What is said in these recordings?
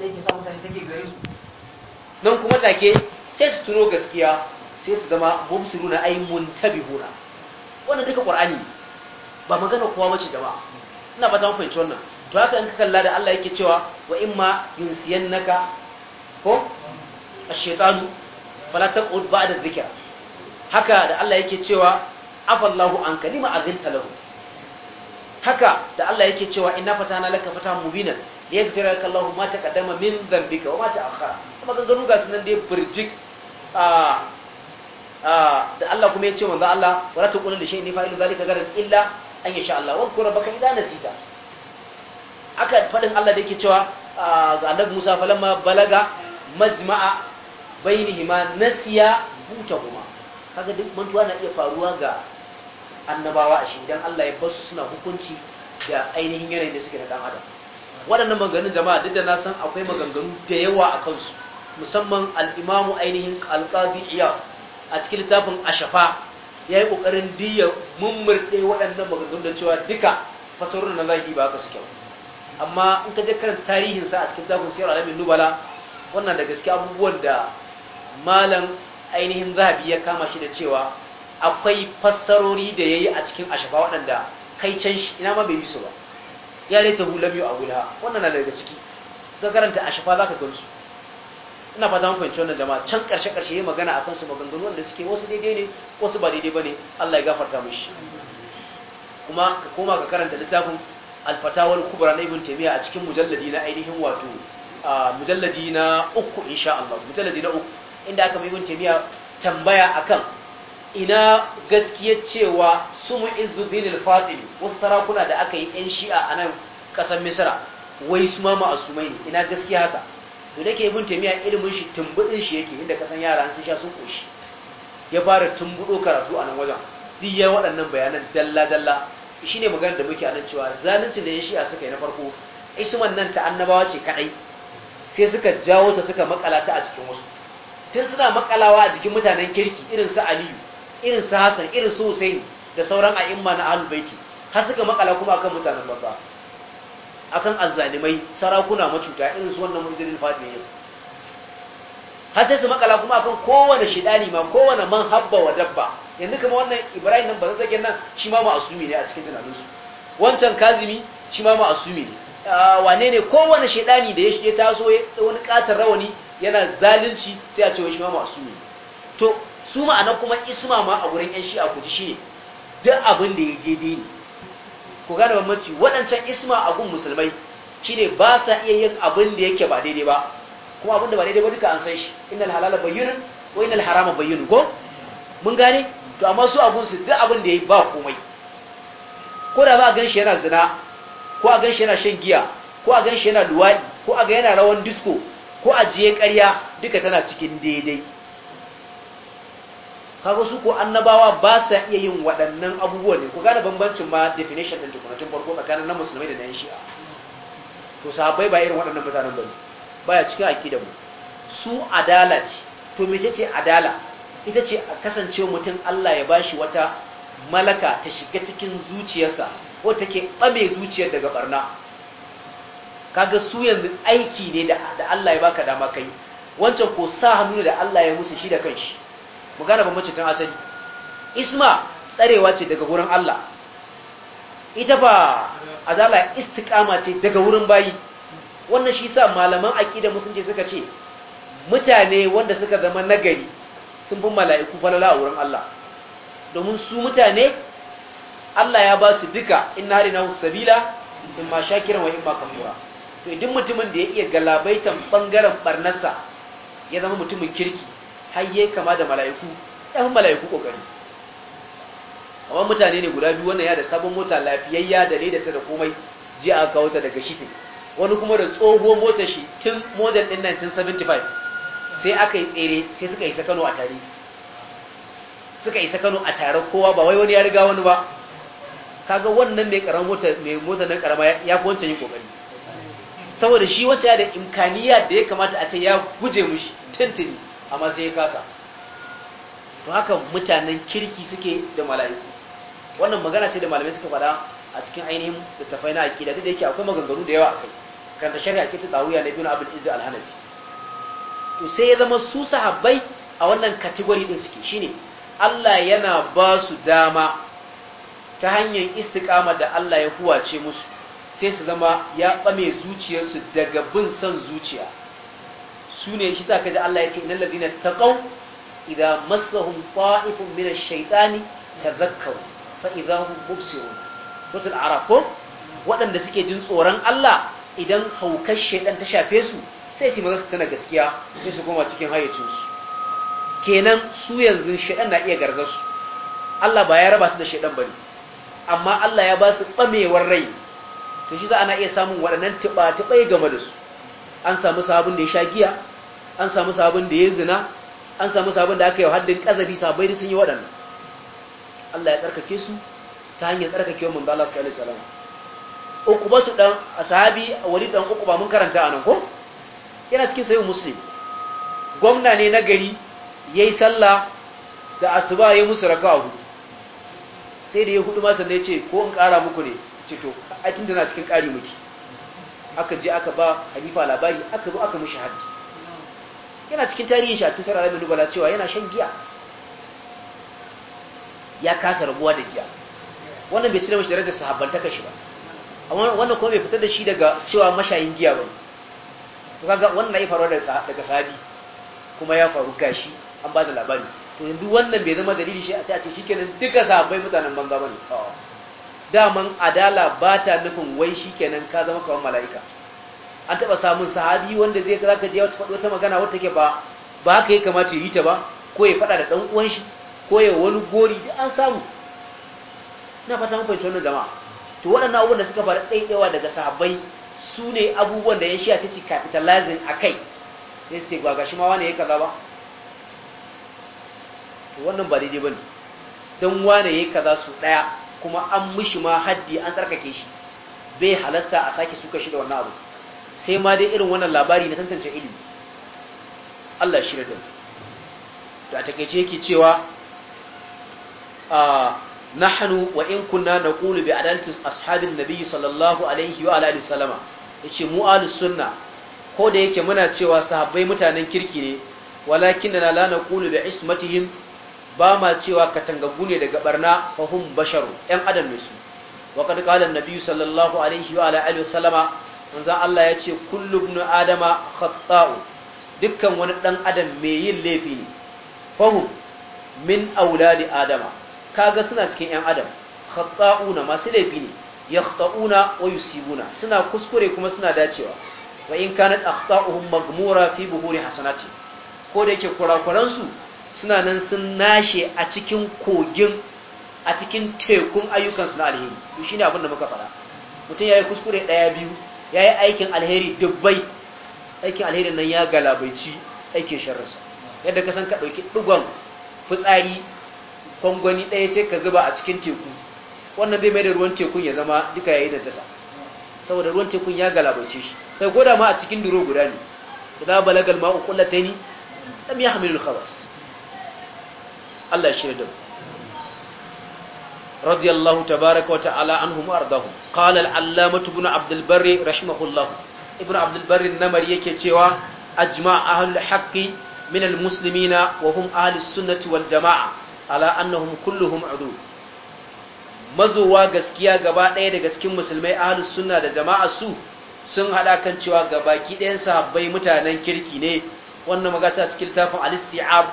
da yake sa mutane take gare su nan kuma take sai su tuno gaskiya sai su zama ai ay huna. wannan duka qur'ani ba magana kowa da ba. ina ba ta fahimci wannan to haka in ka kalla da Allah yake cewa wa in ma siyan naka ko ash-shaytanu fala taqud ba'da dhikra haka da Allah yake cewa afallahu an kalima azinta talahu haka da Allah yake cewa inna fatana laka fatan mubinan ya fi ka kallon ma kadama min zambika wa mata ta akhara kuma ga sunan da ya birjik da Allah kuma ya ce manzo Allah wala da shi ne fa'ilu zalika gadan illa an yasha Allah wa kura baka idan nasita aka faɗin Allah da yake cewa ga annabi Musa falamma balaga majma'a bainihima buta kuma. kaga duk mantuwa na iya faruwa ga annabawa a shi idan Allah ya bar suna hukunci da ainihin yanayin da suke da dan adam waɗannan maganganun jama'a duk da na san akwai maganganu da yawa a kansu musamman al'imamu ainihin alƙadi iya a cikin littafin ashafa ya yi ƙoƙarin diya mummurɗe waɗannan maganganu da cewa duka fasarorin na zahiri ba ka su kyau amma in ka je karanta tarihinsa a cikin littafin siyar alamin nubala wannan da gaske abubuwan da malam ainihin zahabi ya kama shi da cewa akwai fassarori da ya yi a cikin ashafa waɗanda kai can shi ina ma bai yi su ba ya laita hu lam yu'awilha wannan na daga ciki ga karanta ashfa zaka gansu ina fata mun fahimci wannan jama'a can karshe karshe yi magana akan su maganganu wanda suke wasu daidai ne wasu ba daidai bane Allah ya gafarta mishi kuma ka koma ka karanta littafin al-fatawa kubra na ibn taimiyya a cikin mujalladi na ainihin wato mujalladi na uku insha Allah mujalladi na uku inda aka ibn taimiyya tambaya akan ina gaskiyar cewa su mu izuddin al-fatimi wasu sarakuna da aka yi yan shi'a a nan kasar Misira? wai su ma ma'asumai ne ina gaskiya haka to da ke ibn taymiya ilimin shi tumbudin shi yake inda kasan yara sun sha sun koshi ya fara tumbudo karatu a nan wajen duk ya waɗannan bayanan dalla dalla shine maganar da muke anan cewa zalunci da ƴan shi'a suka yi na farko isman nan ta annabawa ce kadai sai suka jawo ta suka makala a cikin wasu tun suna makalawa a jikin mutanen kirki irin su aliyu irin su hasan irin su Hussein da sauran a'imma na Ahlul har suka makala kuma akan mutanen banza akan azzalimai sarakuna macuta irin su wannan muzirin fatiye har sai su makala kuma akan kowane shidani ma kowane man habba wa dabba yanzu kuma wannan Ibrahim nan bazan zage nan shi ma ma'asumi ne a cikin tunaninsu wancan Kazimi shi ma ma'asumi ne ah, wane ne kowane shidani da ya shige taso wani katar rawani yana zalunci sai a ce shi ma ma'asumi to su ma'ana kuma isma ma a wurin yan shi'a Kudu shi ne duk abin da ya daidai ne ku gane mafi waɗancan isma a gun musulmai shine ba sa iya yin abin da yake ba daidai ba kuma abin da ba daidai ba duka an san shi ina halala bayyinun ko ina harama bayyinun ko mun gane to amma su abun su duk abin da ya ba komai ko da ba a ganshi yana zina ko a ganshi yana shan giya ko a ganshi yana luwaɗi ko a ga yana rawan disko ko a jiye ƙarya duka tana cikin daidai kaga su ko annabawa ba sa iya yin waɗannan abubuwa ne ku gane bambancin ma definition din tukunatun farko tsakanin na musulmai da na yan shi'a to sahabbai ba irin waɗannan mutanen bane baya cikin aqidar mu su adala ce to mece ce adala ita ce a kasance mutum Allah ya bashi wata malaka ta shiga cikin zuciyarsa ko take ɓame zuciyar daga barna kaga su yanzu aiki ne da Allah ya baka dama kai wancan ko sa hannu da Allah ya musu shi da kanshi mu gane bambanci tun asali isma tsarewa ce daga wurin Allah ita ba adala istiqama ce daga wurin bayi wannan shi sa malaman aqida musulunci suka ce mutane wanda suka zama nagari sun fi mala'iku falala a wurin Allah domin su mutane Allah ya ba su duka inna harina sabila in ma shakiran wa in ma kafura to idan mutumin da ya iya galabaitan ɓangaren barnarsa ya zama mutumin kirki hayye kama da mala'iku ya fi mala'iku ƙoƙari amma mutane ne guda biyu wannan ya da sabon mota lafiyayya da ledata da komai ji a kawo ta daga shifi wani kuma da tsohuwar mota shi tun model ɗin 1975 sai aka yi tsere sai suka yi kano a tare suka yi kano a tare kowa ba wai wani ya riga wani ba kaga wannan mai karamar mota mai mota na karama ya fi wancan yin kokari saboda shi wata ya da imkaniya da ya kamata a ce ya guje mushi tuntuni amma sai ya kasa to haka mutanen kirki suke da mala'iku wannan magana ce da malamai suka fada a cikin ainihin littafai na aƙida duk da yake akwai maganganu da yawa a kai kan ta shari'a ke ta tawuya na biyu na abin izi alhanafi to sai ya zama su sahabbai a wannan kategori din suke shine Allah yana ba su dama ta hanyar istiqama da Allah ya huwace musu sai su zama ya tsame zuciyarsu daga bin son zuciya su ne shi sa kaji Allah ya ce inna ladina taqaw idza massahum ta'ifun min ash-shaytani tadhakkaru fa idza hum mubsirun total arako waɗanda suke jin tsoron Allah idan haukar shaytan ta shafe su sai su maza su tana gaskiya sai su koma cikin hayyacin su kenan su yanzu shaytan na iya garzar su Allah ba ya raba su da shaytan bane amma Allah ya ba su tsamewar rai to shi za ana iya samun waɗannan tuba-tubai game da su an samu sabon da ya sha giya an samu sabon da ya zina an samu sabon da aka yi haddin ƙazafi sabai da sun yi waɗannan Allah ya tsarkake su ta hanyar tsarkake wa su kalli salama. alaihi ɗan a dan a walid ɗan ukuba mun karanta anan ko yana cikin sayyid muslim gwamna ne na gari ya yi sallah da asuba ya musu a hudu sai da ya hudu masa ne ya ce ko in kara muku ne ce to aitin cikin kari muke aka je aka ba halifa labari aka zo aka mushi haddi yana cikin tarihin shi a cikin sarara mai dubala cewa yana shan giya ya kasa rabuwa da giya wannan bai cire mashi darajar sahabbantaka shi ba amma wannan kuma bai fitar da shi daga cewa mashayin giya ba to kaga wannan ya faru daga sahabi kuma ya faru gashi an ba da labari to yanzu wannan bai zama dalili shi a sai a ce shikenan duka sahabbai mutanen banza bane daman adala ba ta nufin wai shikenan ka zama kamar mala'ika an taba samun sahabi wanda zai zaka je wata faɗo ta magana wata take ba ba ka yi kamata ya yi ta ba ko ya faɗa da ɗan uwan shi ko ya wani gori da an samu na fata mun fahimci wannan jama'a to waɗannan abubuwan da suka faru ɗaiɗaiwa daga sahabbai su ne abubuwan da ya shi a ce capitalizing a kai ya ce ba shi ma wane ya kaza ba to wannan ba daidai ba ne don wane ya kaza su ɗaya kuma an mishi ma haddi an tsarkake shi bai halasta a sake suka shi da wannan abu sai ma dai irin wannan labari na tantance ilimi Allah shi da to a takaice yake cewa a ah, nahnu wa in kunna naqulu bi adalati ashabin nabi sallallahu alaihi wa alihi salama yace mu ahlus sunna ko da yake muna cewa sahabbai mutanen kirki ne walakin na la naqulu bi ismatihim ba ma cewa ka katangagu ne daga barna fahum basharu yan adam ne su wa qad qala nabi sallallahu alaihi wa alihi salama manzan Allah ya ce kullu ibn adama khata'u dukkan wani dan adam mai yin laifi ne fahum min auladi adama kaga suna cikin yan adam na masu laifi ne yakhta'una wa yusibuna suna kuskure kuma suna dacewa wa in kanat akhta'uhum magmura fi buhuri hasanati ko da yake kurakuran suna nan sun nashe a cikin kogin a cikin tekun ayyukansu na alheri shi shine abin da muka faɗa mutum ya yi kuskure ɗaya biyu ya yi aikin alheri dubbai aikin alheri nan ya galabaici aikin sharrasa yadda ka san ka ɗauki ɗigon fitsari kwangwani ɗaya sai ka zuba a cikin teku wannan bai mai da ruwan tekun ya zama duka ya yi tasa saboda ruwan tekun ya galabaice shi sai goda ma a cikin duro guda ne idan balagal ma'u kullataini lam yahmilul khawas Allah shi da mu رضي الله تبارك وتعالى عنهم وارضاهم قال العلامة ابن عبد yake رحمه الله ابن عبد البر النمر يكي تيوا أجمع أهل الحق من المسلمين وهم أهل السنة والجماعة على أنهم كلهم عدو mazowa gaskiya gaba ɗaya daga cikin musulmai ahlus sunna da jama'a su sun haɗa kan cewa gabaki ɗayan sahabbai mutanen kirki ne wannan magata cikin littafin al-isti'ab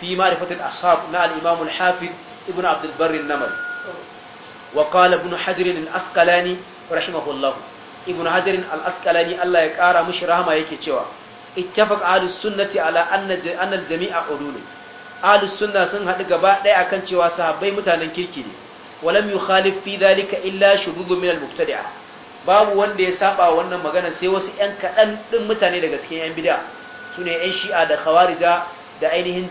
fi ma'rifatul ashab na al-imam al-hafiz ibnu abdul barr an wa qala ibn hajar al-asqalani rahimahullah ibn hajar al-asqalani Allah ya kara mushi rahama yake cewa ittafaq ahlus sunnati a anna anna al-jami'a udulun ahlus sunna sun hadu gaba daya akan cewa sahabbai mutanen kirki ne walam yukhalif fi dhalika illa shudud min al-mubtadi'a babu wanda ya saba wannan magana sai wasu yan kadan din mutane daga cikin yan bid'a sune yan shi'a da khawarija da ainihin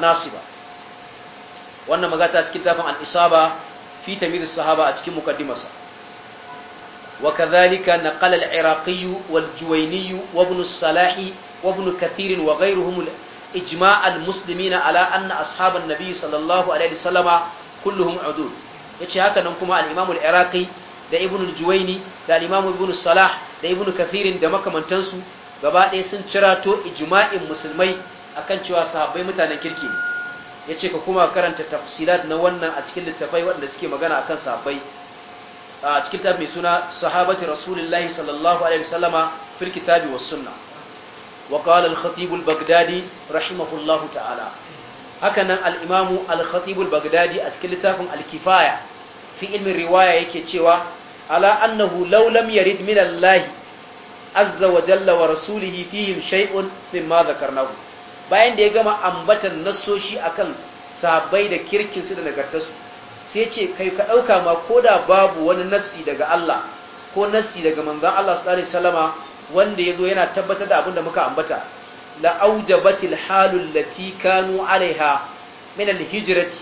nasiba wannan magata cikin tafin al-isaba fi tamir a cikin mukaddimarsa wa kadhalika naqala al-iraqi wal juwayni wa ibn salah wa ibn kathir wa ghayruhum ijma' al-muslimina sallallahu alaihi wasallama kulluhum udud yace haka nan kuma al-imam da ibn al da al-imam salah da ibn kathir da makamantansu gaba ɗaya sun cirato ijma'in musulmai akan cewa sahabbai mutanen kirki ya ce ka kuma karanta tafsirat na wannan a cikin littafai waɗanda suke magana akan sahabbai a cikin tafi mai suna sahabati rasulullahi sallallahu alaihi wasallama fil kitabi was sunna wa qala al khatib al baghdadi rahimahullahu ta'ala hakanan al imam al khatib al baghdadi a cikin littafin al kifaya fi ilmin riwaya yake cewa ala annahu law lam yarid min allah azza wa jalla wa rasulihi fihim shay'un mimma dhakarnahu bayan da ya gama ambatan nassoshi akan sabai da kirkinsu da nagartarsu sai ce kai ka ɗauka ma ko da babu wani nassi daga Allah ko nassi daga manzan Allah su ɗari salama wanda ya zo yana tabbatar da abin da muka ambata la'aujabatil halun lati kanu alaiha min hijirati,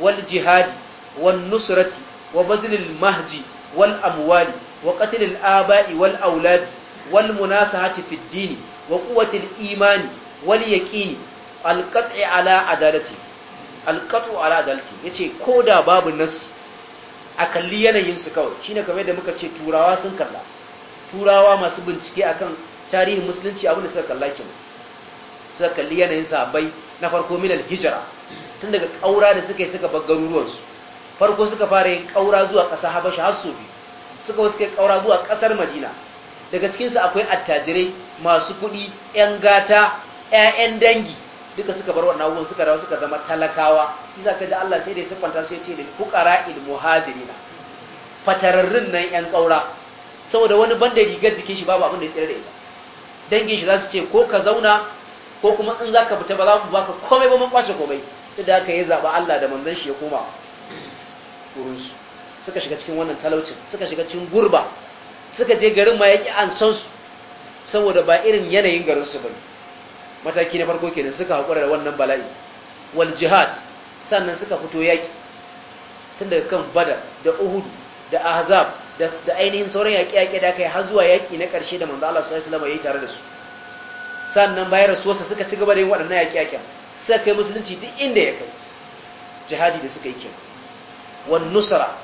wal jihadi wal nusrati wa bazlil mahji wal amwali wa katilin aba'i wal auladi wal munasahati fid dini wa quwwatil imani wal yaqini qat'i ala adalati qat'u ala adalati yace koda babu nas a kalli yanayin su kawai shine kamar yadda muka ce turawa sun kalla turawa masu bincike akan tarihin musulunci abin da suka kalla kin suka kalli yanayin sahabbai na farko min al-hijra tun daga kaura da suka yi suka bar garuruwan su farko suka fara yin kaura zuwa ƙasa habasha har su suka wasu kai kaura zuwa ƙasar madina daga cikinsu akwai attajirai masu kuɗi 'yan gata ƴaƴan dangi duka suka bar wannan abubuwan suka rawa suka zama talakawa isa kaji Allah sai da ya siffanta su ya ce lil fuqara il muhazirina. fatararrun nan ƴan kaura saboda wani banda rigar jikin shi babu abin da ya tsira da ita dangin shi za su ce ko ka zauna ko kuma in zaka fita ba za mu baka komai ba mun kwace komai da haka yi zaba Allah da manzon shi ya koma su suka shiga cikin wannan talaucin suka shiga cikin gurba suka je garin ma yaki an san su saboda ba irin yanayin garinsu bane mataki na farko kenan suka haƙura da wannan bala'i wal jihad sannan suka fito yaƙi tun daga kan Bada, da uhud da ahzab da ainihin sauran yaƙe-yaƙe da aka yi har zuwa yaƙi na ƙarshe da manzo Allah sallallahu alaihi ya tare da su sannan bayar su wasa suka cigaba da yin waɗannan yaƙe-yaƙen suka kai musulunci duk inda ya kai jihadi da suka yi kenan wan nusra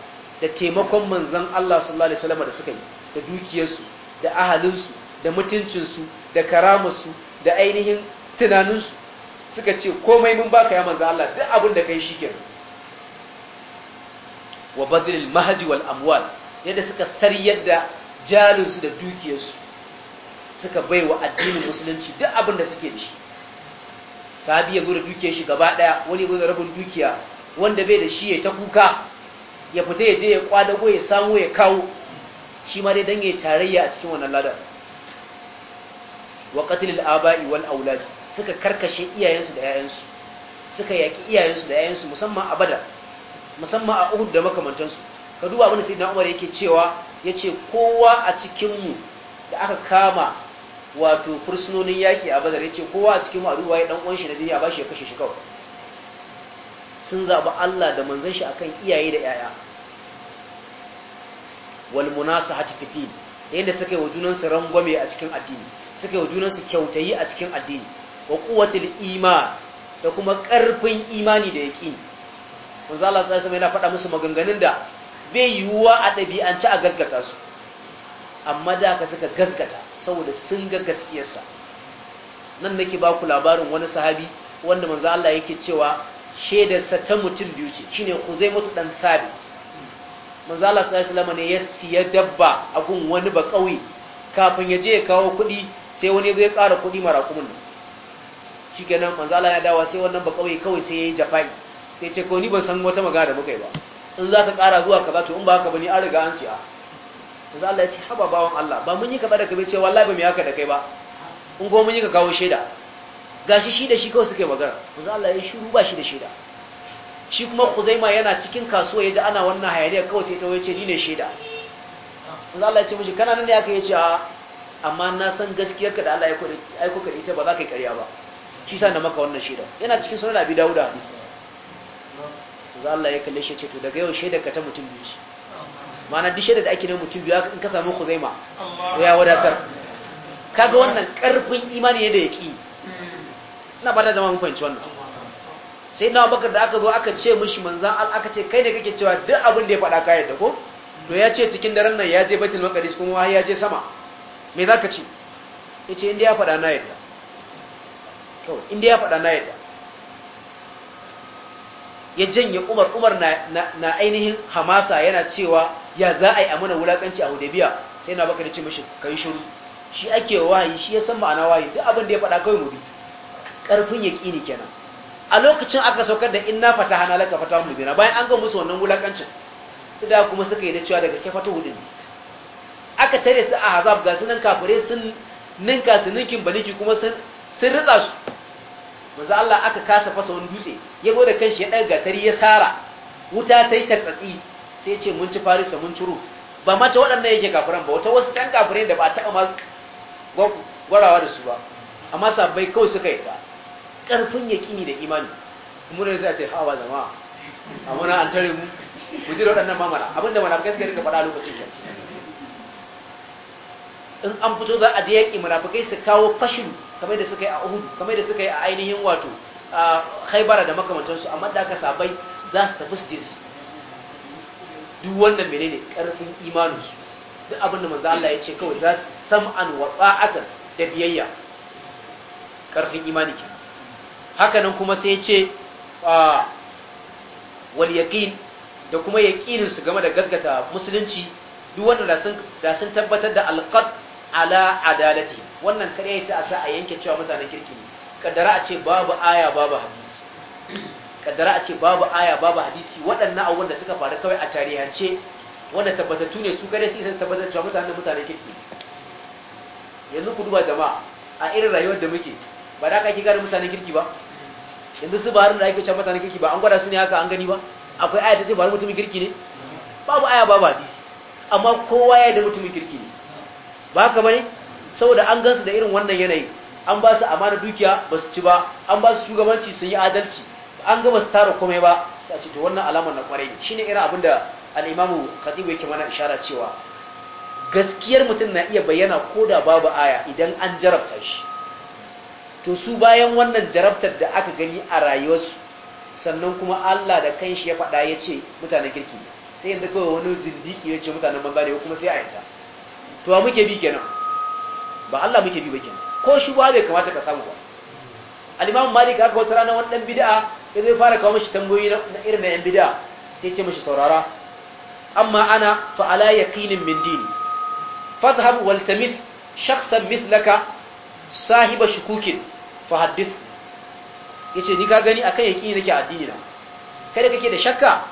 da taimakon manzon Allah sallallahu alaihi wasallam da suka yi da dukiyarsu da ahalinsu da mutuncinsu da karamarsu da ainihin tunaninsu suka ce komai mun baka ya manzan Allah duk abin da kai kenan wa badlil mahaji wal amwal yadda suka sariyar da jalinsu da dukiyarsu suka baiwa addinin musulunci duk abin da suke da shi sahabi ya da dukiyar shi gaba daya wani ya da rabin dukiya wanda bai da shi ya ta kuka ya fita ya je ya kwadago ya samu ya kawo shi ma dai dan ya tarayya a cikin wannan ladan wa qatlil aba'i wal aulad suka karkashe iyayensu da yayansu suka yaki iyayensu da yayansu musamman a badar musamman a uhud da makamantansu ka duba abin da sayyidina umar yake cewa yace kowa a cikin da aka kama wato fursunonin yaƙi a badar yace kowa a cikin mu a duba ya dan uwan shi na duniya ba shi ya kashe shi kawai sun zaɓi Allah da manzon shi akan iyaye da yaya wal munasahati fi din yadda suka yi wa junansu rangwame a cikin addini suka yi junansu kyautayi a cikin addini wa quwwatul iman da kuma karfin imani da yaqini manzo Allah sai sai yana faɗa musu maganganun da bai yiwuwa a ɗabi'ance a gasgata su amma da ka suka gasgata saboda sun ga gaskiyarsa nan nake ba ku labarin wani sahabi wanda manzo Allah yake cewa shaidarsa ta mutum biyu ce shine Khuzaimatu dan Thabit manzo Allah sallallahu alaihi wasallam ne ya siya dabba a gun wani ba kauye kafin ya je ya kawo kuɗi sai wani zai ƙara kuɗi mara kumin nan shi kenan manzo Allah ya dawa sai wannan ba kawai kawai sai ya yi jafai sai ce ko ni ban san wata magana da muka yi ba in za ka ƙara zuwa kaza to in ba ka ba ni an riga an siya manzo Allah ya ce haba bawan Allah ba mun yi kaza da kabe ce wallahi ba mu ka da kai ba in ko mun yi ka kawo shaida gashi shi da shi kawai suke magana manzo Allah ya shiru ba shi da shaida shi kuma Khuzaima yana cikin kasuwa yaji ana wannan hayaniya kawai sai ta wuce ce ni ne shaida za Allah ya ce mishi kana nan ne aka yi a amma na san gaskiyarka da Allah ya aiko ka ita ba za ka yi ƙarya ba shi sa na maka wannan shaida yana cikin sunan Abi Dawud hadisi za Allah ya kalle shi ce to daga yau shaida ka ta mutum biyu ce ma'ana duk shaida da ake neman mutum biyu in ka samu Khuzaima to ya wadatar kaga wannan karfin imani ne da yaqini ina ba da zama mun fahimci wannan sai na bakar da aka zo aka ce mishi manzan al aka ce kai ne kake cewa duk abin da ya faɗa ka yadda ko to ya ce cikin daren nan ya je baitul maqdis kuma ya je sama me zaka ce yace inda ya na yadda to inda ya faɗa na yadda ya janye Umar Umar na na, ainihin hamasa yana cewa ya za a yi amana wulakanci a Hudaybiya sai na baka da ce mishi kai shuru. shi ake wayi shi ya san ma'ana wayi duk abin da ya faɗa kai mu bi ƙarfin yaqini kenan a lokacin aka saukar da inna fatahana laka fatahun mubina bayan an ga musu wannan wulakancin da kuma suka yi da cewa da gaske fata aka tare su a azab ga sunan kafare sun ninka su ninkin baliki kuma sun ritsa su manzo Allah aka kasa fasa wani dutse ya go da kanshi ya ɗaga gatari ya sara wuta ta yi tartsatsi sai ya ce mun ci farisa mun ciro ba mata waɗannan yake kafiran ba wata wasu can kafirai da ba taɓa ma gwarawa da su ba amma sabbai kawai suka yi ba ƙarfin yaƙini da imani kuma ne sai a ce hawa zama a na an tare mu ku ji da waɗannan mamara abinda munafikai suka rika faɗa lokacin kenan in an fito za a je yaki munafikai su kawo fashin kamar da suka yi a Uhud kamar da suka yi a ainihin wato a haibara da makamantansu amma da aka sabai za su tafi su je su duk wannan menene karfin imaninsu duk abin da manzo Allah ya ce kawai za su sam'an wa ta'ata da biyayya karfin imani ke haka nan kuma sai ya ce wal yaqin da kuma ya su game da gasgata musulunci duk wanda da sun tabbatar da alqat ala adalati wannan kare sai a sa a yanke cewa mutanen kirki ne kaddara a ce babu aya babu hadisi kaddara a ce babu aya babu hadisi waɗannan abubuwan da suka faru kawai a tarihance wanda tabbatattu ne su kare su isa tabbatar cewa mutanen mutanen kirki yanzu ku duba jama'a a irin rayuwar da muke ba da aka kira mutanen kirki ba yanzu su ba da ake cewa mutanen kirki ba an gwada su ne haka an gani ba akwai aya ta ce ba mutumin kirki ne babu aya babu hadisi amma kowa ya da mutumin kirki ne ba haka bane saboda an gansu da irin wannan yanayi an ba su amana dukiya ba su ci ba an ba su shugabanci sun yi adalci an ga su tara komai ba sai a ce to wannan alamar na kwarai ne shine irin abin da al-imamu yake mana ishara cewa gaskiyar mutum na iya bayyana ko da babu aya idan an jarabta shi to su bayan wannan jarabtar da aka gani a rayuwarsu sannan kuma Allah da kanshi ya faɗa ya ce mutanen kirki sai yadda kawai wani zindiki ya ce mutanen banza ne kuma sai a yanta to a muke bi kenan ba Allah muke bi ba kenan ko shi ba bai kamata ka samu ba al-Imam Malik aka wata rana wani dan bid'a ya zai fara kawo mishi tambayoyi na irin na yan bid'a sai ya ce mishi saurara amma ana fa ala yaqinin min dini fadhhab waltamis shakhsan mithlaka sahiba shukukin fa yace ni ka gani kan yaqini nake addini na kada kake da shakka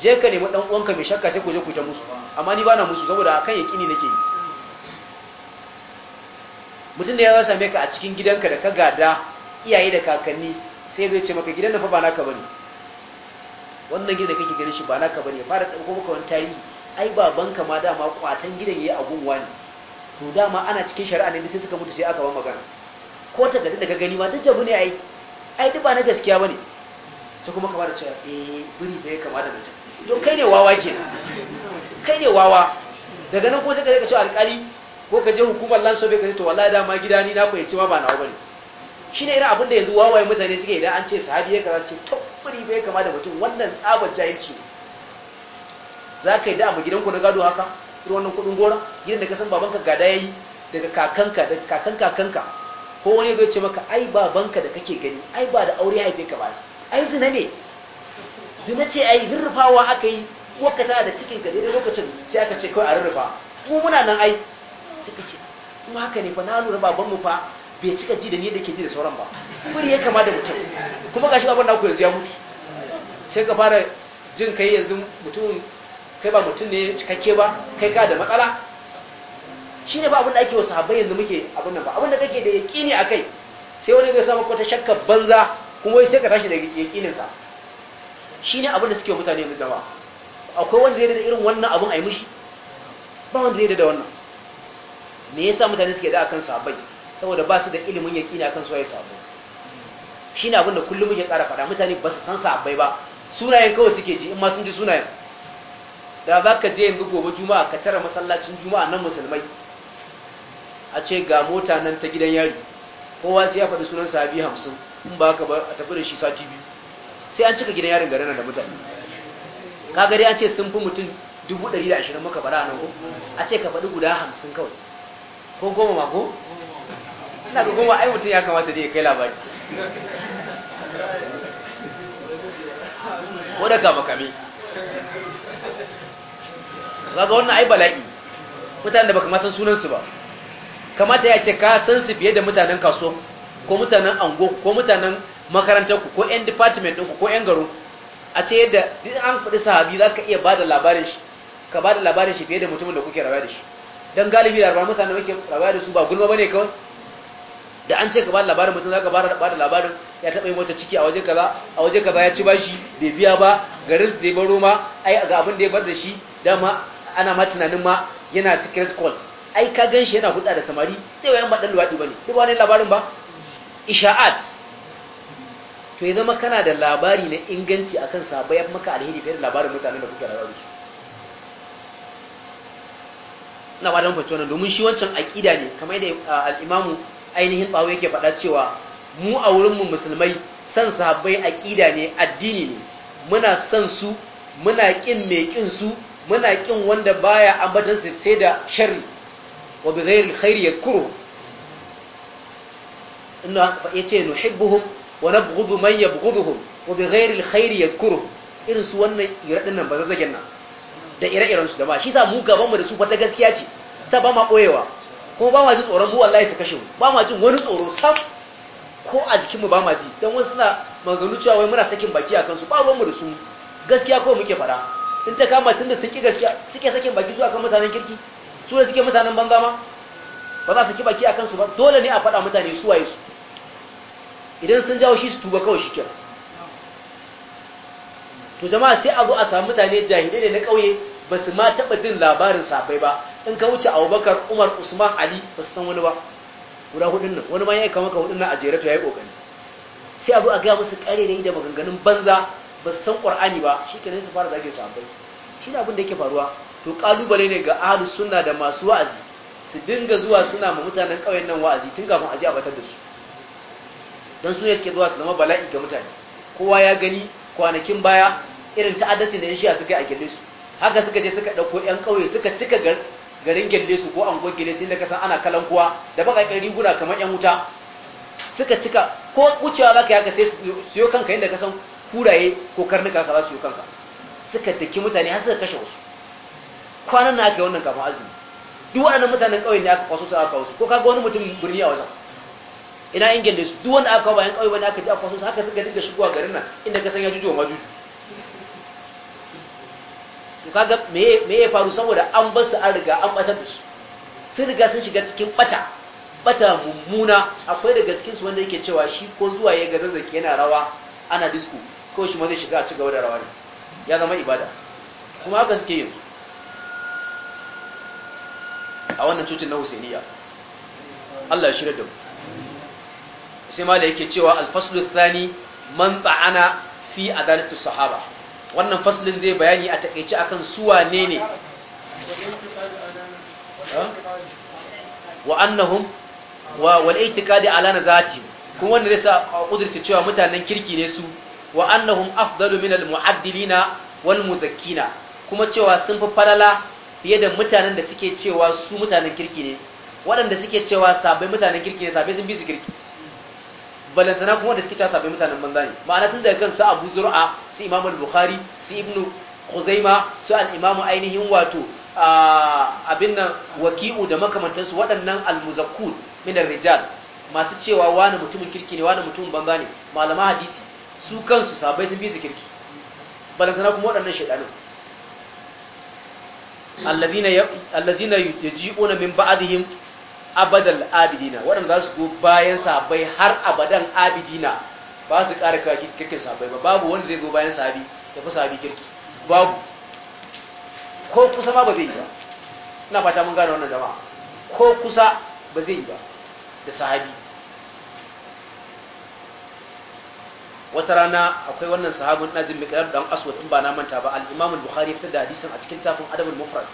je ka nemi dan uwanka mai shakka sai ku je ku ta musu amma ni bana musu saboda a akan yaqini nake yi mutum da ya za same ka a cikin gidanka da ka gada iyaye da kakanni sai zai ce maka gidan da fa ba naka bane wannan gidan da kake ganin shi ba naka bane fara ɗauko maka wani tarihi ai babanka ma dama kwatan gidan yayi agunwa ne to dama ana cikin shari'a ne sai suka mutu sai aka ba magana ko ta gani da ka gani ma ta jabu ne ai ai duk ba na gaskiya bane sai kuma kamar cewa eh buri da ya kama da mutum to kai ne wawa ke kai ne wawa daga nan ko sai ka je ka ce alƙali ko ka je hukumar lanso bai ka ce to wallahi da ma gida ni na fahimci cewa ba nawa bane shine irin abin da yanzu wawaye mutane suke idan an ce sahabi ya kaza su ce to buri bai kama da mutum wannan tsabar jahilci ne za ka yi da abu gidanku na gado haka irin wannan kudin gora gidan da ka san babanka gada yayi daga kakanka daga kakan kakanka ko wani zai ce maka ai babanka da kake gani ai ba da aure haife ka ba ai zina ne zina ce ai hirrufawa aka yi waka tana da cikin ka daidai lokacin sai aka ce kawai a rurrufa mu muna nan ai suka ce kuma haka ne fa na lura babanmu fa bai cika ji da ni da ke ji da sauran ba muri ya kama da mutum kuma gashi baban naku yanzu ya mutu sai ka fara jin kai yanzu mutum kai ba mutum ne cikakke ba kai ka da matsala ne ba abin da ake wa sahabbai yanzu muke abinda nan ba abin da kake da a akai sai wani zai samu kwata shakka banza kuma sai ka tashi da yaqinin ka ne abin da suke mutane yanzu zama? akwai wanda zai da irin wannan abin yi mushi ba wanda zai da wannan me yasa mutane suke da akan sabai saboda ba su da ilimin yaqini akan su waye sahabbai ne abin da kullum muke ƙara faɗa mutane ba su san sabai ba sunayen kawai suke ji in ma sun ji sunayen da za ka je yanzu gobe juma'a ka tara masallacin juma'a nan musulmai a ce ga mota nan ta gidan yari kowa sai ya faɗi sunan sabi hamsin in ba ka ba a tafi da shi sati biyu sai an cika gidan yarin garin da mutane ka gari an ce sun fi mutum dubu ɗari da ashirin muka bara nan ko a ce ka faɗi guda hamsin kawai ko goma ma ko ina ga goma ai mutum ya kamata da ya kai labari ko da kama kame ga wannan ai bala'i mutane da baka masan sunansu ba kamata ya ce ka san su fiye da mutanen kaso ko mutanen ango ko mutanen makarantar ku ko yan department ɗinku ko yan garo a ce yadda duk an faɗi sahabi za ka iya ba da labarin shi ka ba da labarin shi fiye da mutumin da kuke rawa da shi don galibi da mutane wake rawa da su ba gulma ba ne kawai da an ce ka ba da labarin mutum za ka ba da labarin ya taɓa yi mota ciki a waje kaza a waje kaza ya ci bashi bai biya ba garin su da ya baro ma ai ga abin da ya bar da shi dama ana ma tunanin ma yana secret call ai ka ganshi yana hudda da samari sai wayan baɗan luwaɗi ba ne duk wani labarin ba isha'at to ya zama kana da labari na inganci akan sabo maka alheri fiye da labarin mutanen da kuke da su na wadan fa tona domin shi wancan aƙida ne kamar yadda al'imamu ainihin ɓawo yake faɗa cewa mu a wurin mu musulmai san sahabbai aƙida ne addini ne muna san su muna ƙin me kin su muna ƙin wanda baya ambatansu sai da sharri وبغير الخير ghairi انه yadhkuruhu inna ونبغض من wa وبغير الخير yabghudhuhum wa bi irin su wannan iradin nan ba zazzagen nan da ire-iren su da ba shi sa mu gaban mu da su fata gaskiya ce sa ba ma koyewa kuma ba ma ji tsoron mu wallahi su kashe mu ba ma jin wani tsoro sam ko a jikin mu ba ma ji dan wasu na maganu cewa wai muna sakin baki akan su ba ruwan mu da su gaskiya ko muke fara in ta kama tunda sun ki gaskiya suke sakin baki zuwa kan mutanen kirki su ne suke mutanen banza ma ba za su ki baki kansu ba dole ne a faɗa mutane su waye su idan sun jawo shi su tuba kawai shi kyau to jama'a sai a zo a samu mutane jahilai ne na ƙauye ba su ma taɓa jin labarin safai ba in ka wuce abubakar umar usman ali ba su san wani ba guda hudun nan wani ma ya kama ka hudun nan a jere to ya yi ƙoƙari sai a zo a gaya musu ƙare da da maganganun banza ba su san ƙwar'ani ba shi kenan su fara zage safai shi ne abin da yake faruwa to kalubale ne ga ahlus sunna da masu wa'azi su dinga zuwa suna ma mutanen kauyen nan wa'azi tun kafin aje a batar da su don su ne suke zuwa su zama bala'i ga mutane kowa ya gani kwanakin baya irin ta'addacin da yan shiya suka a gelle su haka suka je suka ɗauko yan kauye suka cika garin gelle su ko angon gelle su inda ka san ana kalan kowa da baƙaƙen riguna kamar yan wuta suka cika ko wucewa za ka yaka sai su yo kanka inda ka san kuraye ko karnuka ka za su yo kanka suka daki mutane har suka kashe wasu kwanan na ake wannan kafin azumi duk waɗannan mutanen ƙauye ne aka kwaso su aka kawo su ko kaga wani mutum birni a wajen ina ingin da su duk wanda aka kawo bayan ƙauye wani aka ji a kwaso su haka suka dinga shigowa garin nan inda ka san ya jujuwa ma juju to kaga me me ya faru saboda an bar su an riga an batar da su sun riga sun shiga cikin bata bata mummuna akwai daga cikin su wanda yake cewa shi ko zuwa ya ga zazzaki yana rawa ana disco ko shi ma zai shiga a ci gaba da rawa ya zama ibada kuma haka suke yin a wannan cocin na Husainiya Allah ya shirya da mu sai ma da yake cewa al-faslu thani man ta'ana fi adalati sahaba wannan faslin zai bayani a takeice akan su wane ne wa annahum wa wal i'tiqadi ala nazati kuma wannan zai sa kudurta cewa mutanen kirki ne su wa annahum afdalu min al-mu'addilina wal muzakkina kuma cewa sun fi falala fiye da mutanen da suke cewa su mutanen kirki ne waɗanda suke cewa sabai mutanen kirki ne sabai sun bi su kirki balantana kuma da suke cewa sabai mutanen banza ne ma'ana tun daga kan su abu zur'a su imam al-bukhari su ibnu khuzaima su al-imamu ainihin wato abin nan waki'u da makamantansu waɗannan al-muzakkun min rijal masu cewa wani mutumin kirki ne wani mutumin banza ne malama hadisi su kansu sabai sun bi su kirki balantana kuma waɗannan shaidanin allazina yaji'una min ba'dihim abadal abidina waɗanda za su go bayan sabai har abadan abidina ba su ƙara kirkin sabai ba babu wanda zai go bayan sabi ya fi sabi kirki babu ko kusa ma ba zai yi ba ina fata mun gane wannan jama'a ko kusa ba zai yi ba da sahabi wata rana akwai wannan sahabin najin mikayar dan aswad in ba na manta ba al'imamun bukhari ya da hadisin a cikin tafin adabul mufrat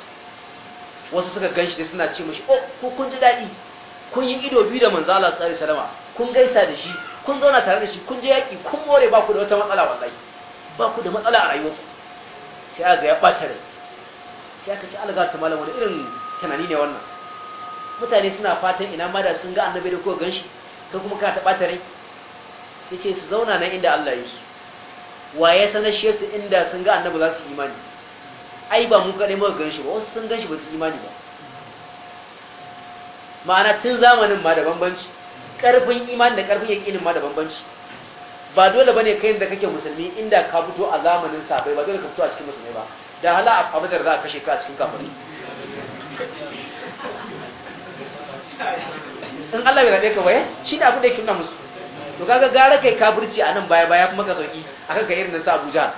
wasu suka ganshi shi suna ce mashi oh ko kun ji daɗi? kun yi ido biyu da manzo Allah sallallahu alaihi kun gaisa da shi kun zauna tare da shi kun je yaki kun more ba ku da wata matsala wallahi ba ku da matsala a rayuwarku sai aka ya bata rai sai aka ci alga ta malam wani irin tunani ne wannan mutane suna fatan ina ma da sun ga annabi da ko ganshi kai kuma ka ta bata rai ya ce su zauna nan inda Allah yake wa ya sanashe su inda sun ga annabi za su imani ai ba mu kaɗai mu ganshi ba wasu sun ganshi ba su imani ba ma'ana tun zamanin ma da bambanci ƙarfin imani da ƙarfin yaƙinin ma da bambanci ba dole ba ne kai da kake musulmi inda ka fito a zamanin sabai ba dole ka fito a cikin musulmi ba da hala a fadar za a kashe ka a cikin kafirai in Allah bai rabe ka ba yes shi ne abin da yake nuna musu to kaga gara kai kafirci a nan baya baya kuma ka sauki akan ka irin na sa Abuja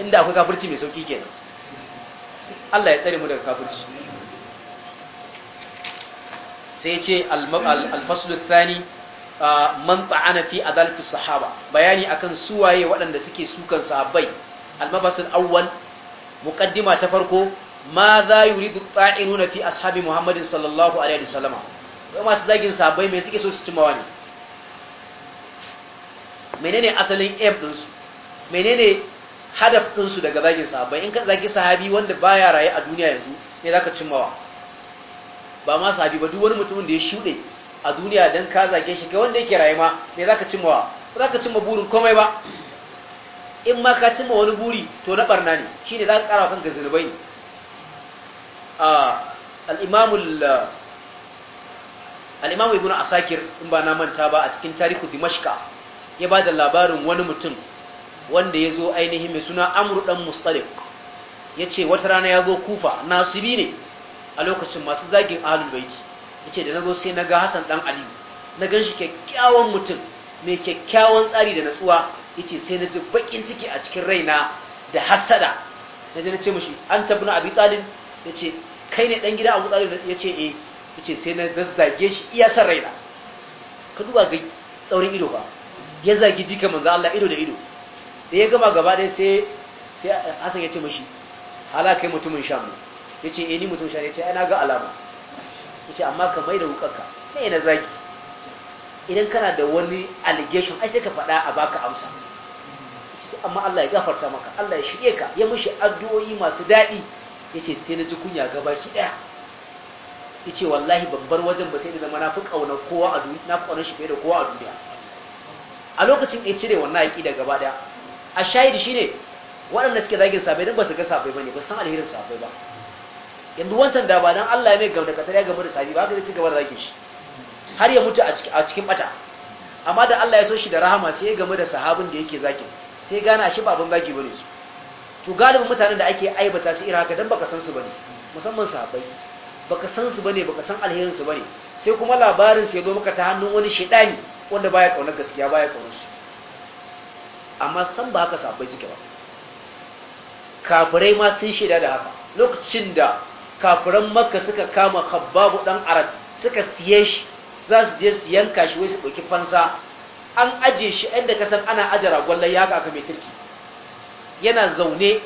inda akwai kafirci mai sauki kenan Allah ya tsare mu daga kafirci sai ya ce al-fasl al-thani man ta'ana fi adalati sahaba bayani akan suwaye waɗanda suke sukan sahabbai al mafasil awwal muqaddima ta farko ma za yuridu ta'inuna fi ashabi muhammadin sallallahu alaihi wasallam masu zagin sahabbai me suke so su cimawa ne menene asalin aim ɗinsu menene hadaf din su daga zagin sahabbai in ka zaki sahabi wanda baya raye a duniya yanzu ne za ka cimmawa ba ma sahabi ba duk wani mutumin da ya shuɗe a duniya don ka zage shi kai wanda yake raye ma ne za ka cimmawa ba za ka cimma burin komai ba in ma ka cimma wani buri to na barna ne shi ne za ka ne kanka al ne al'imamul al'imamu ibnu asakir in ba na manta ba a cikin tarihu dimashka ya ba da labarin wani mutum wanda ya zo ainihin mai suna amur ɗan mustalif ya ce wata rana ya zo kufa nasibi ne a lokacin masu zagin ahalul baiki ya ce da na zo sai na ga hassan ɗan aliyu na gan shi kyakkyawan mutum mai kyakkyawan tsari da natsuwa ya ce sai na ji baƙin ciki a cikin raina da hassada na ji na ce mashi an na abi tsalin ya ce kai ne ɗan gida abu tsalin ya ce eh ya ce sai na zazzage shi iya san raina ka duba ga tsaurin ido ba ya zagi jika manzo Allah ido da ido da ya gama gaba dai sai sai Hassan ya ce mishi kai mutumin sham Ya yace eh ni mutumin sha yace ai na ga alama yace amma ka mai da wukarka kai na zagi idan kana da wani allegation ai sai ka faɗa a baka amsa amma Allah ya gafarta maka Allah ya shige ka ya mishi addu'o'i masu daɗi yace sai na ji kunya gabaki daya yace wallahi babbar wajen ba sai da zama na fi kauna kowa a duniya na fi kauna shi fiye da kowa a duniya a lokacin ya cire wannan daga gaba daya a shahidi shine waɗanda suke zagin sabai don ba su ga sabai ne ba san alherin sabai ba yanzu wancan da ba don Allah ya mai gaba da katar ya gaba da sabi ba haka zai ci gaba da zagin shi har ya mutu a cikin bata amma da Allah ya so shi da rahama sai ya gama da sahabin da yake zakin sai gana shi ba abin zagi bane su to galibin mutanen da ake aibata su irin haka dan baka san su bane musamman sahabai baka san su bane baka san alherin su bane sai kuma labarin su ya zo maka ta hannun wani shedani wanda baya kaunar gaskiya baya kaunar su amma san ba haka sabai suke ba kafirai ma sun shaida da haka lokacin da kafiran makka suka kama khabbabu dan arat suka siye shi za su je su yanka shi wai su ɗauki fansa an aje shi inda ka san ana aje ragwallon ya aka mai turki yana zaune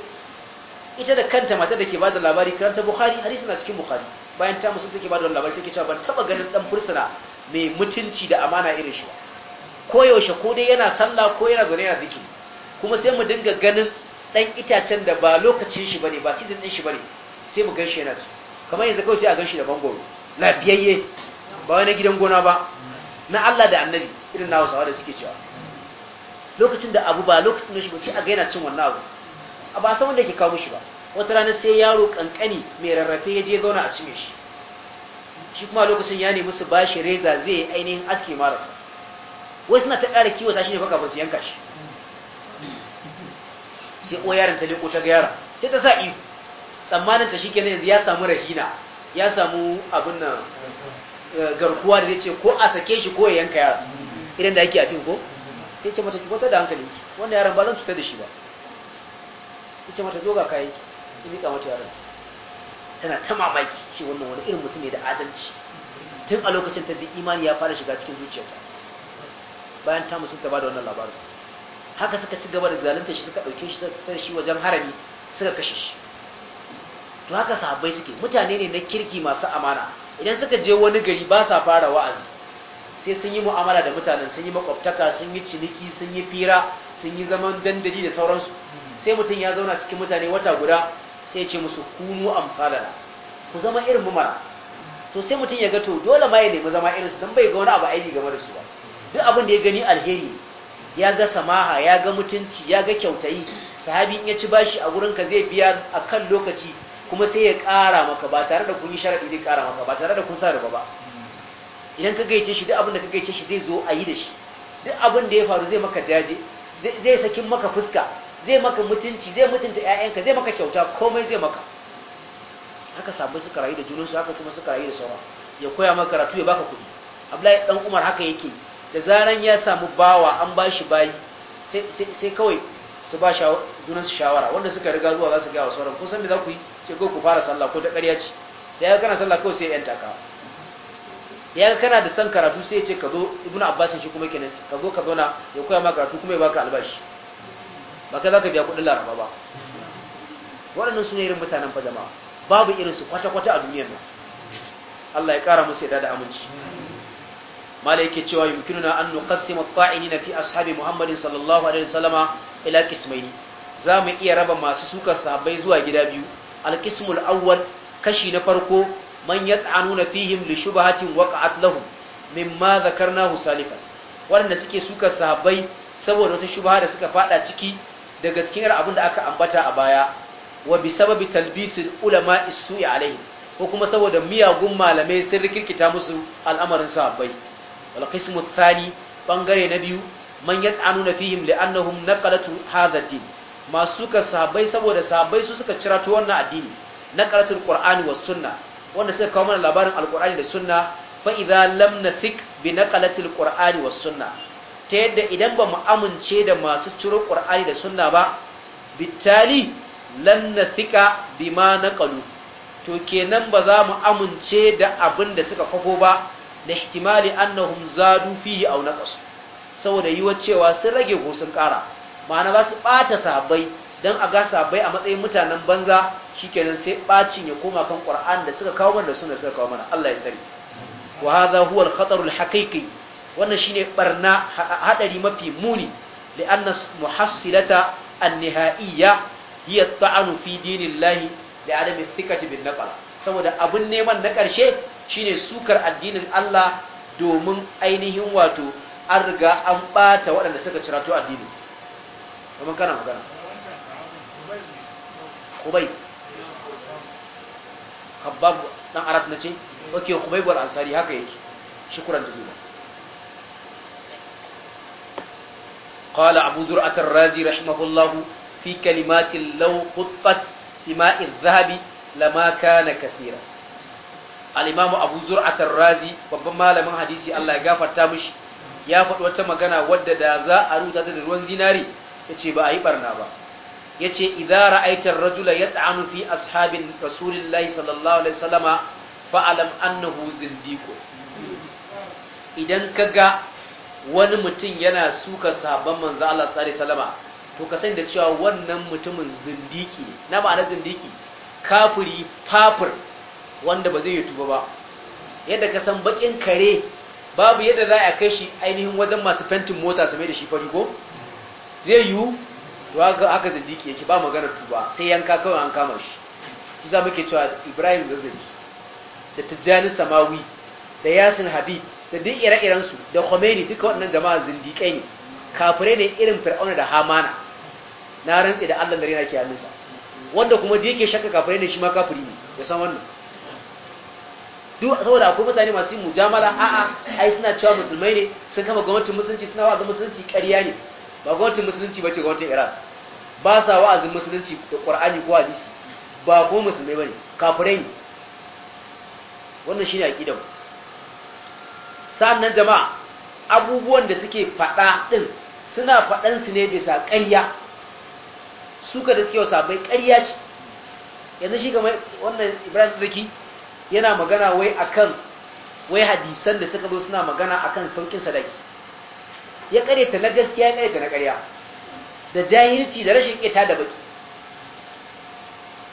ita da kanta mata da ke ba da labari karanta bukhari hadisi na cikin bukhari bayan ta musu take ba da labari take cewa ban taba ganin dan fursuna mai mutunci da amana irin shi ko yaushe ko dai yana sallah ko yana zaune yana zikiri kuma sai mu dinga ganin dan itacen da ba lokacin shi bane ba sidin din shi bane sai mu ganshi yana ci kamar yanzu kawai sai a ganshi da bangoro lafiyayye ba wani gidan gona ba na Allah da Annabi irin na sawa da suke cewa lokacin da abu ba lokacin da shi ba sai a ga yana cin wannan abu a ba san wanda yake kawo shi ba wata rana sai yaro kankani mai rarrafe ya je zauna a cime shi shi kuma lokacin ya nemi su bashi reza zai ainihin aski marasa wasu na ta ƙara kiwata shi ne baka ba su yanka shi sai uwa yaron ta leko ta ga yara. sai ta sa ihu tsammanin ta shi ke yanzu ya samu rahina ya samu abin nan eh, garkuwa da ce ko a sake shi ko ya yanka yara. idan da yake a fin ko sai ce mata ki kwata da hankali wanda wannan yaron ba zan cutar da shi ba sai ce mata zo ga kayan ki mika mata yaron tana ta mamaki ce wannan wani irin mutum ne da adalci tun a lokacin ta ji imani ya fara shiga cikin zuciyarta bayan ta musu ba da wannan labarin haka suka ci gaba da zalunta shi suka ɗauke shi suka shi wajen harami suka kashe shi to haka sahabbai suke mutane ne na kirki masu amana idan suka je wani gari ba sa fara wa'azi sai sun yi mu'amala da mutanen sun yi makwabtaka sun yi ciniki sun yi fira sun yi zaman dandali da sauransu sai mutum ya zauna cikin mutane wata guda sai ce musu kunu amsalala ku zama irin mu mara to sai mutum ya ga to dole ma ya nemi zama irin su don bai ga wani abu aiki game da su ba duk abin da ya gani alheri ya ga samaha ya ga mutunci ya ga kyautayi sahabi in ya ci bashi a gurin ka zai biya a kan lokaci kuma sai ya kara maka ba tare da kun yi sharadi zai kara maka ba tare da kun sa riba ba idan ka gaice shi duk abin da ka gaice shi zai zo a yi da shi duk abin da ya faru zai maka jaje zai sakin maka fuska zai maka mutunci zai mutunta ƴaƴanka zai maka kyauta komai zai maka haka sabu suka rayu da junansu haka kuma suka rayu da sauran ya koya maka karatu ya baka kuɗi Abdullahi dan Umar haka yake da zaran ya samu bawa an bashi bayi sai sai kawai su ba junan su shawara wanda suka riga zuwa za su gaya wa sauran ko san da za ku yi ce ko ku fara sallah ko ta ƙarya ce da ya kana sallah kawai sai ya yanta ka da ya kana da san karatu sai ya ce ka zo ibnu abbasin shi kuma kenan ka zo ka zauna ya koya maka karatu kuma ya baka albashi ba kai za ka biya kudin laraba ba waɗannan su ne irin mutanen fa jama'a babu irinsu kwata-kwata a duniyar nan Allah ya ƙara musu yada da aminci mala yake cewa na an nuqassima at na fi ashabi Muhammadin sallallahu alaihi wasallama ila mu iya raba masu suka sahabbai zuwa gida biyu al-qismul awwal kashi na farko man yat'anuna fihim li shubahatin waqa'at lahum mimma dhakarnahu salifan waɗanda suke suka sahabbai saboda wata shubha da suka fada ciki daga cikin irin abin da aka ambata a baya wa bi sababi talbisil ulama isu'i alaihi ko kuma saboda miyagun malamai sun rikirkita musu al'amarin sahabbai wal qismu thani bangare na biyu man yat'anuna fihim li'annahum naqalatu hadha ad-din masu ka sahabbai saboda sahabbai su suka cirato wannan addini naqalatul qur'ani was sunna wanda suka kawo mana labarin alqur'ani da sunna fa idza lam nathik bi naqalatil qur'ani was ta yadda idan ba mu amince da masu ciro ƙur'ani da sunna ba bittali lan na ma na kalu to kenan ba za mu amince da abin da suka kwafo ba da ihtimali annahum zadu fihi aw naqasu saboda yiwa cewa sun rage ko sun ƙara ma'ana ba su ɓata sabai dan a ga sabai a matsayin mutanen banza shikenan sai bacin ya koma kan Qur'an da suka kawo mana da sunna suka kawo mana Allah ya tsare wa hadha huwa al-khatar al-haqiqi wannan shine barna hadari mafi muni li'anna muhassilata an-nihaiyya hiya ta'anu fi dinillahi da adam thiqati bin naqal saboda abun neman na karshe shine sukar addinin Allah domin ainihin wato an riga an bata waɗanda suka cirato addini kuma kana magana khubay khabbab dan arat nace okay khubayb ansari haka yake shukran قال أبو زرعة الرازي رحمه الله في كلمات لو قطت بماء الذهب لما كان كثيرا الإمام أبو زرعة الرازي وبما لمن حديثي الله يغفر تامش ya faɗi wata magana wadda da za a ruta ta da ruwan zinari ya ce ba a yi ɓarna ba ya ce idara aitar rajula ya ta'anu fi ashabin rasulillahi sallallahu alaihi zindiko idan ka ga wani mutum yana suka sabon manzo Allah sallallahu alaihi to ka sani da cewa wannan mutumin zindiki na ma'ana zindiki kafiri fafir wanda ba zai yi tuba ba yadda ka san bakin kare babu yadda za a kai shi ainihin wajen masu fentin mota su mai da shi fari ko zai yiwu to haka zindiki yake ba magana tuba sai yanka kawai an kama shi Su za muke cewa ibrahim gazali da tijjani samawi da yasin habib da duk ire-irensu da Khomeini duka wannan jama'a zindiƙai ne kafirai ne irin fir'auna da hamana na rantse da Allah dare na ke hannunsa wanda kuma da yake shakka kafirai ne shi ma kafiri ne ya san wannan duk saboda akwai mutane masu yin mujamala a'a ai suna cewa musulmai ne sun kama gwamnatin musulunci suna ga musulunci ƙarya ne ba gwamnatin musulunci bace gwamnatin Iran ba sa wa'azin musulunci da Qur'ani ko hadisi ba kuma musulmai bane kafirai ne wannan shine aqidar mu sannan jama'a abubuwan da suke faɗa ɗin suna faɗansu ne bisa ƙarya suka da suke wasa bai ƙarya ce yanzu shi ga wannan ibrahim zaki yana magana wai akan wai hadisan da suka zo suna magana akan saukin sadaki ya ƙareta na gaskiya ya ƙareta na ƙarya da jahilci da rashin ita da baki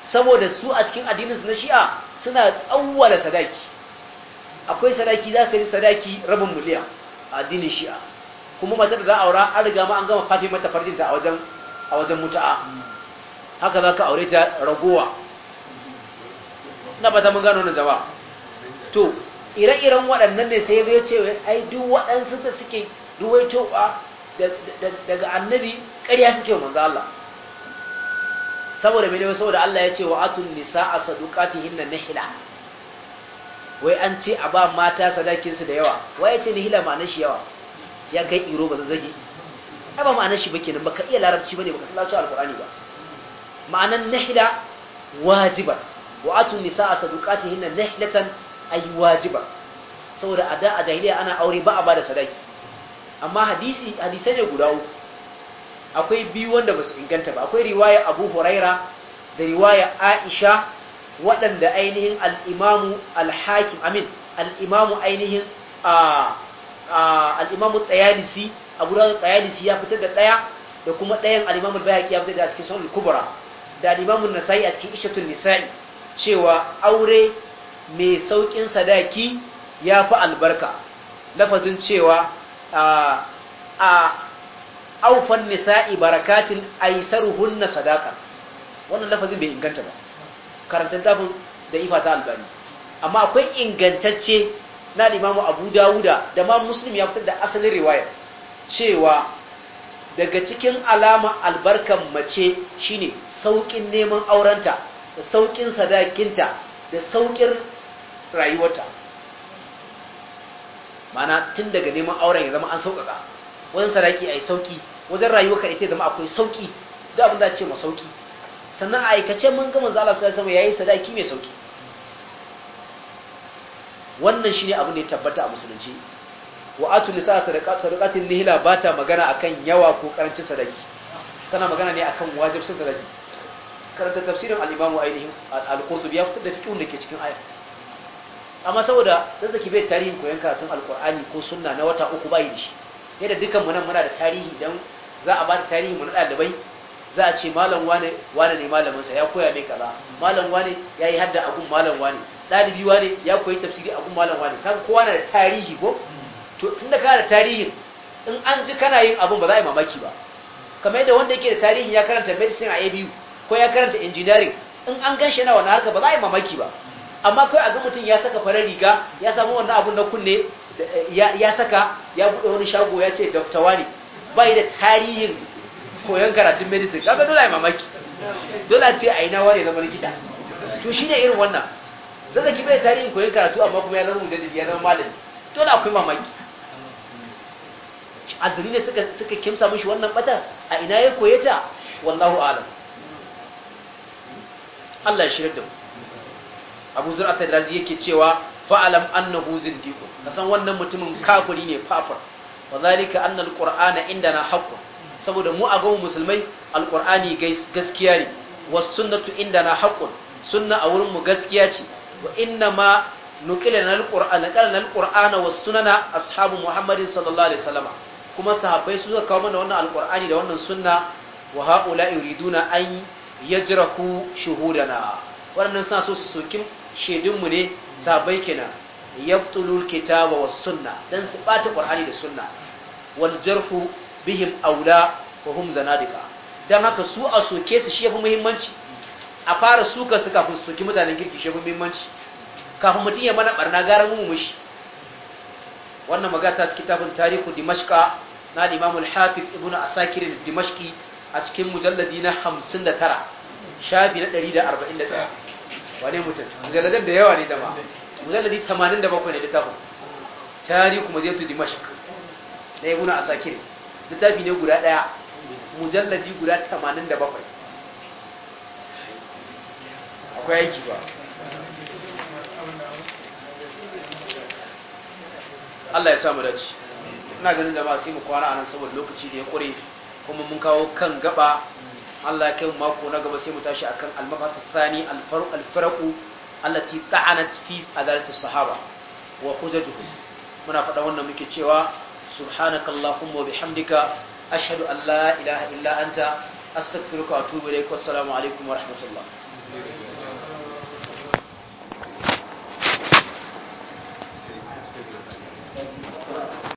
saboda su a cikin addininsu na shi'a suna tsawwala sadaki akwai sadaki za ka yi sadaki rabin miliyan a dinin shi'a kuma matar da za aura an riga ma an gama fafi mata farjinta a wajen mutu'a haka za ka aure ta ragowa na ba ta mun gano na jama'a to ire-iren waɗannan ne sai zai ce ai duk waɗansu da suke towa daga annabi ƙarya suke wa manzo Allah saboda mai ne saboda Allah ya ce wa atun nisa a nisaa na nahila wai an ce a ba mata sadakinsu da yawa wai ya ce hila ma'anar shi yawa ya kai iro ba zazzage ai ba ma'anar shi ba kenan baka iya larabci ba ne baka sallaci alkur'ani ba ma'anar hila wajiba wa atu nisa a sadukati hilatan a ay wajiba saboda a da a jahiliya ana aure ba a ba da sadaki amma hadisi hadisai ne guda uku akwai biyu wanda ba su inganta ba akwai riwaya abu huraira da riwaya aisha waɗanda ainihin al'imamu al-hakim amin al'imamu ainihin al'imamu tsayalisi abu da tsayalisi ya fitar da ɗaya da kuma ɗayan al'imamu bayaki ya fitar da cikin sunan da al'imamu nasa'i a cikin ishatun nisa'i cewa aure mai sauƙin sadaki ya fi albarka lafazin cewa a aufan nisa'i barakatin aisaruhunna sadaka wannan lafazin bai inganta ba karanta littafin da ifa ta albani amma akwai ingantacce na limamu abu dawuda da ma muslim ya fitar da asalin riwaya cewa daga cikin alama albarkan mace shine saukin neman aurenta da saukin sadakinta da saukin rayuwarta mana tun daga neman auren ya zama an sauƙaƙa wajen sadaki a yi sauƙi wajen rayuwa ka ita zama akwai sauƙi da abin da ce ma sauƙi sannan a aikace mun ga manzo Allah sallallahu alaihi yayi sadaki mai sauki wannan shine abu ne tabbata a musulunci wa atu lisa sadaqat sadaqatin nihla bata magana akan yawa ko karancin sadaki tana magana ne akan wajibin sadaki karanta tafsirin al-Imam ainihin al-Qurtubi ya fitar da fiqhun dake cikin aya amma saboda tsatsaki bai tarihin koyon karatun alkur'ani ko sunna na wata uku bai da shi yadda dukan mu nan muna da tarihi dan za a ba da tarihi mu na ɗalibai za a ce malam wane wane ne malaminsa ya koya mai kaza malam wane ya yi hadda abun malam wane ɗalibi wane ya koyi tafsiri abun malam wane kan kowa na da tarihi ko to tun da kana da tarihin in an ji kana yin abun ba za a yi mamaki ba kamar yadda wanda yake da tarihin ya karanta medicine a abu ko ya karanta engineering in an gan shi na harka ba za a yi mamaki ba amma kawai a ga mutum ya saka farar riga ya samu wannan abun na kunne ya saka ya buɗe wani shago ya ce dokta wani bai da tarihin koyon karatun medicine kaga dole ai mamaki dole ce a ina ware zama likita to shine irin wannan zaka kibe da tarihin koyon karatu amma kuma ya zama mujaddid ya zama malami dole akwai mamaki azuri ne suka suka kimsa mishi wannan bata a ina ya koye ta wallahu alam Allah ya shirya da mu Abu Zur'a al-Razi yake cewa fa'alam annahu zindiqun kasan wannan mutumin kafiri ne fafar wa zalika anna al-qur'ana indana haqqun saboda mu a gaban musulmai alqur'ani gaskiya ne was sunnatu na haqqun sunna a wurin mu gaskiya ce wa inna ma na alqur'ana na alqur'ana was sunana ashabu muhammadin sallallahu alaihi wasallam kuma sahabbai su suka kawo mana wannan alqur'ani da wannan sunna wa haula yuriduna an yajrahu shuhudana waɗannan suna so su sokin shaidunmu ne sahabbai kenan yabtulul kitaba was sunna dan su bata ƙur'ani da sunna wal jarhu bihim aula wa hum zanadika dan haka su a soke su shi yafi muhimmanci a fara suka su kafin su soki mutanen kirki shi yafi muhimmanci kafin mutum ya mana barna gara mu mushi wannan magana ta cikin tafin tarihu dimashqa na imam al-hafiz ibn asakir al-dimashqi a cikin mujalladi na 59 shafi na 141 wane mutum mujalladan da yawa ne jama'a mujalladi 87 ne littafin tarihu madinatu dimashq na ibn asakir littafi ne guda ɗaya mujallaji guda 87 akwai aiki ba Allah ya samu dace ina ganin da ba yi mu kwana anan saboda lokaci da ya kure kuma mun kawo kan gaba Allah ya kai mako na gaba sai mu tashi akan al-mabhath athani al-farq al allati ta'anat fi adalati sahaba wa hujajuhum muna faɗa wannan muke cewa subhanaka allahumma wa bihamdika ashhadu ilaha illa anta astaghfiruka wa atubu ilaik wassalamu alaikum wa rahmatullah